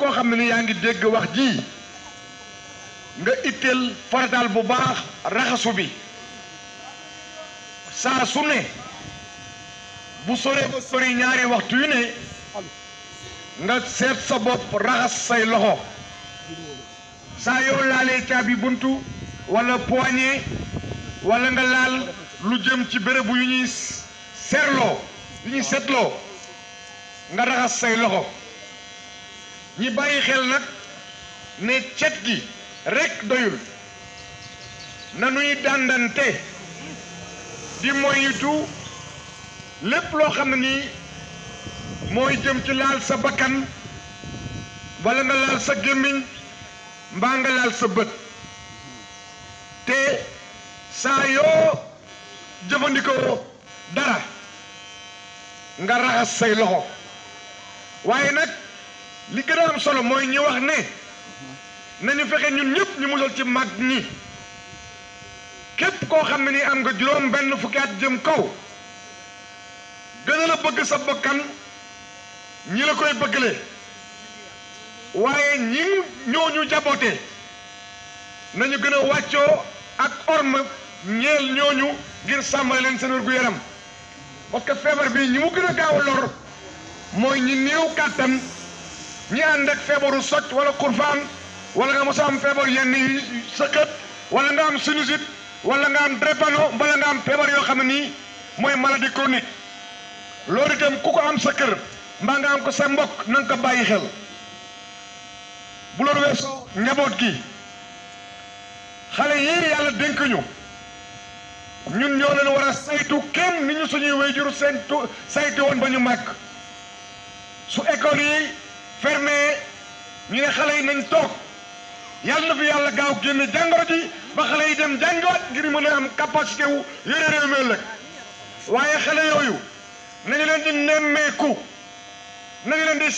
koo xam ne ni yaa ngi dégg wax ji nga itteel farataal bu baax raxasu bi saa su ne bu soree sori ñaari waxtu yu ne nga seet sa bopp raxas say loxo saa yow laalee caabi buntu wala poignée wala nga laal lu jëm ci bërëbu yu ñuy seerloo yu ñuy seetloo nga raxas say loxo ñi bàyyi xel nag ne cet gi rekk doyul nanuy dàndante di moytu lépp loo xam ni nii mooy jëm ci laal sa bakkan wala nga laal sa gémmiñ mbaa nga laal sa bët te saa yoo jëfandikoo dara nga raxas say loxo waaye nag li gën solo mooy ñu wax ne nañu fexe ñun ñëpp ñu musal ci mag ñi képp koo xam ne ni am nga juróom benn fukki at jëm kaw gën a la bëgg sa bakkan ñi la koy bëggale waaye ñi ñooñu jaboote nañu gën a wàccoo ak orme ñeel ñooñu ngir sàmmale leen seen wérgu yaram parce que feebar bi ñi mu gën gaaw lor mooy ñi néew kàttan ñi ànd ak feebaru wala kurfan wala nga musam am feebar yenn yi sëkkat wala nga am sinusite wala nga am drepano wala nga am feebar yo xamni moy maladie chronique lolu itam kuko am sa keur mbaa nga am ko sa mbok nang ko bàyyi xel bu loolu weso ñabot gi xale yi yalla denk ñu ñun ñoo leen wara saytu kenn ni ñu suñuy wéyjur seen saytu won ba ñu màgg su école yi fermé ñu ne xale yi nañ toog yàlla na fi yàlla gaaw génne jàngoro ji ba xale yi dem jàngiwaat ngir mën a am capacité wu yore réew mi ëllëg waaye xale yooyu nañu leen di nemmeeku nañu leen di